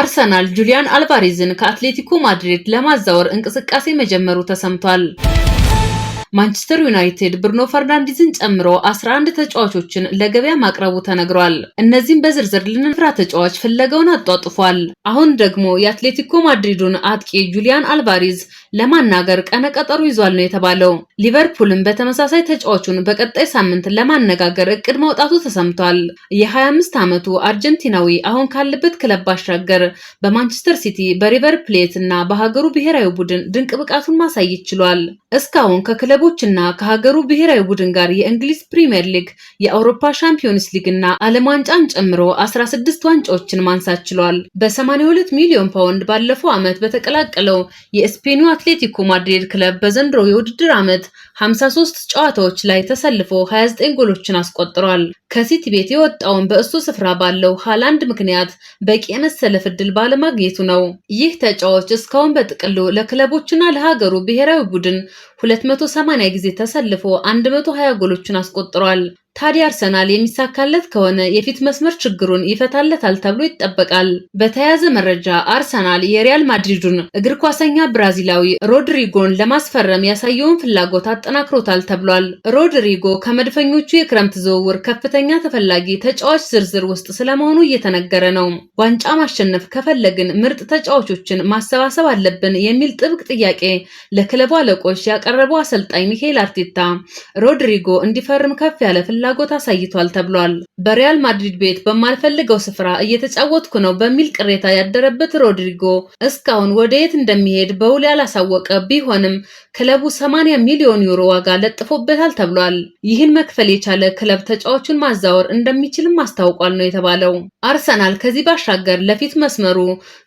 አርሰናል ጁሊያን አልቫሬዝን ከአትሌቲኮ ማድሪድ ለማዛወር እንቅስቃሴ መጀመሩ ተሰምቷል። ማንቸስተር ዩናይትድ ብሩኖ ፈርናንዲዝን ጨምሮ 11 ተጫዋቾችን ለገበያ ማቅረቡ ተነግሯል። እነዚህም በዝርዝር ልንፍራ ተጫዋች ፍለጋውን አጧጥፏል። አሁን ደግሞ የአትሌቲኮ ማድሪዱን አጥቂ ጁሊያን አልቫሪዝ ለማናገር ቀጠሩ ይዟል ነው የተባለው። ሊቨርፑልም በተመሳሳይ ተጫዋቹን በቀጣይ ሳምንት ለማነጋገር እቅድ መውጣቱ ተሰምቷል። የ25 ዓመቱ አርጀንቲናዊ አሁን ካለበት ክለብ ባሻገር በማንቸስተር ሲቲ፣ በሪቨር ፕሌት እና በሀገሩ ብሔራዊ ቡድን ድንቅ ብቃቱን ማሳየት ችሏል። እስካሁን ከክለቡ እና ከሀገሩ ብሔራዊ ቡድን ጋር የእንግሊዝ ፕሪምየር ሊግ፣ የአውሮፓ ሻምፒዮንስ ሊግ እና ዓለም ዋንጫን ጨምሮ 16 ዋንጫዎችን ማንሳት ችሏል። በ82 ሚሊዮን ፓውንድ ባለፈው ዓመት በተቀላቀለው የስፔኑ አትሌቲኮ ማድሪድ ክለብ በዘንድሮ የውድድር ዓመት 53 ጨዋታዎች ላይ ተሰልፎ 29 ጎሎችን አስቆጥሯል። ከሲቲ ቤት የወጣውን በእሱ ስፍራ ባለው ሃላንድ ምክንያት በቂ የመሰለፍ ፍድል ባለማግኘቱ ነው። ይህ ተጫዋች እስካሁን በጥቅሉ ለክለቦችና ለሀገሩ ብሔራዊ ቡድን 280 ጊዜ ተሰልፎ 120 ጎሎችን አስቆጥሯል። ታዲያ አርሰናል የሚሳካለት ከሆነ የፊት መስመር ችግሩን ይፈታለታል ተብሎ ይጠበቃል። በተያያዘ መረጃ አርሰናል የሪያል ማድሪዱን እግር ኳሰኛ ብራዚላዊ ሮድሪጎን ለማስፈረም ያሳየውን ፍላጎት አጠናክሮታል ተብሏል። ሮድሪጎ ከመድፈኞቹ የክረምት ዝውውር ከፍተኛ ተፈላጊ ተጫዋች ዝርዝር ውስጥ ስለመሆኑ እየተነገረ ነው። ዋንጫ ማሸነፍ ከፈለግን ምርጥ ተጫዋቾችን ማሰባሰብ አለብን የሚል ጥብቅ ጥያቄ ለክለቡ አለቆች ያቀረበው አሰልጣኝ ሚካኤል አርቴታ ሮድሪጎ እንዲፈርም ከፍ ያለ ፍላጎት ፍላጎት አሳይቷል ተብሏል። በሪያል ማድሪድ ቤት በማልፈልገው ስፍራ እየተጫወትኩ ነው በሚል ቅሬታ ያደረበት ሮድሪጎ እስካሁን ወደ የት እንደሚሄድ በውል ያላሳወቀ ቢሆንም ክለቡ 80 ሚሊዮን ዩሮ ዋጋ ለጥፎበታል ተብሏል። ይህን መክፈል የቻለ ክለብ ተጫዋቹን ማዛወር እንደሚችልም አስታውቋል ነው የተባለው። አርሰናል ከዚህ ባሻገር ለፊት መስመሩ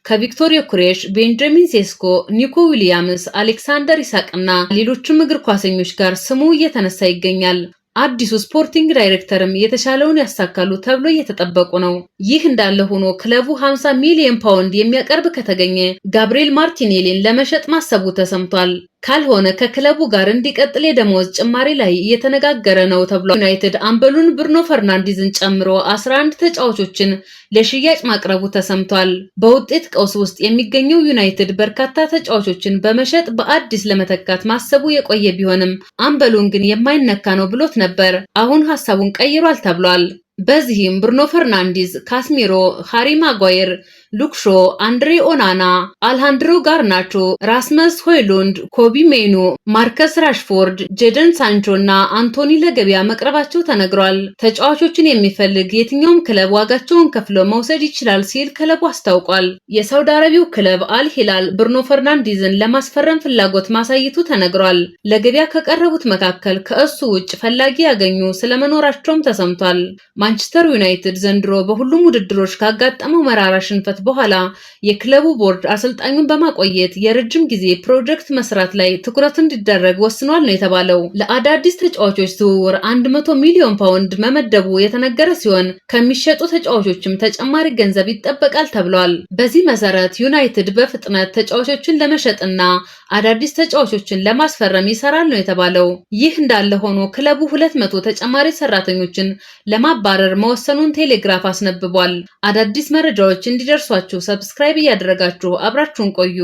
ከቪክቶር ዮኬሬሽ፣ ቤንጃሚን ሴስኮ፣ ኒኮ ዊሊያምስ፣ አሌክሳንደር ኢሳቅና ሌሎችም እግር ኳሰኞች ጋር ስሙ እየተነሳ ይገኛል። አዲሱ ስፖርቲንግ ዳይሬክተርም የተሻለውን ያሳካሉ ተብሎ እየተጠበቁ ነው። ይህ እንዳለ ሆኖ ክለቡ 50 ሚሊዮን ፓውንድ የሚያቀርብ ከተገኘ ጋብሪኤል ማርቲኔሊን ለመሸጥ ማሰቡ ተሰምቷል። ካልሆነ ከክለቡ ጋር እንዲቀጥል የደሞዝ ጭማሪ ላይ እየተነጋገረ ነው ተብሏል። ዩናይትድ አምበሉን ብሩኖ ፈርናንዲዝን ጨምሮ 11 ተጫዋቾችን ለሽያጭ ማቅረቡ ተሰምቷል። በውጤት ቀውስ ውስጥ የሚገኘው ዩናይትድ በርካታ ተጫዋቾችን በመሸጥ በአዲስ ለመተካት ማሰቡ የቆየ ቢሆንም አምበሉን ግን የማይነካ ነው ብሎት ነበር። አሁን ሀሳቡን ቀይሯል ተብሏል። በዚህም ብሩኖ ፈርናንዲዝ ካስሚሮ፣ ሃሪ ማጓየር፣ ሉክ ሾ፣ አንድሬ ኦናና፣ አልሃንድሮ ጋርናቾ፣ ራስመስ ሆይሉንድ፣ ኮቢ ሜኑ፣ ማርከስ ራሽፎርድ፣ ጄደን ሳንቾ እና አንቶኒ ለገበያ መቅረባቸው ተነግሯል። ተጫዋቾችን የሚፈልግ የትኛውም ክለብ ዋጋቸውን ከፍሎ መውሰድ ይችላል ሲል ክለቡ አስታውቋል። የሳውዲ አረቢያው ክለብ አልሂላል ሂላል ብሩኖ ለማስፈረም ፍላጎት ማሳየቱ ተነግሯል። ለገበያ ከቀረቡት መካከል ከእሱ ውጭ ፈላጊ ያገኙ ስለመኖራቸውም ተሰምቷል። ማንቸስተር ዩናይትድ ዘንድሮ በሁሉም ውድድሮች ካጋጠመው መራራ ሽንፈት በኋላ የክለቡ ቦርድ አሰልጣኙን በማቆየት የረጅም ጊዜ ፕሮጀክት መስራት ላይ ትኩረት እንዲደረግ ወስኗል ነው የተባለው። ለአዳዲስ ተጫዋቾች ዝውውር 100 ሚሊዮን ፓውንድ መመደቡ የተነገረ ሲሆን ከሚሸጡ ተጫዋቾችም ተጨማሪ ገንዘብ ይጠበቃል ተብሏል። በዚህ መሰረት ዩናይትድ በፍጥነት ተጫዋቾችን ለመሸጥና አዳዲስ ተጫዋቾችን ለማስፈረም ይሰራል ነው የተባለው። ይህ እንዳለ ሆኖ ክለቡ 200 ተጨማሪ ሰራተኞችን ለማባ ለማባረር መወሰኑን ቴሌግራፍ አስነብቧል። አዳዲስ መረጃዎች እንዲደርሷችሁ ሰብስክራይብ እያደረጋችሁ አብራችሁን ቆዩ።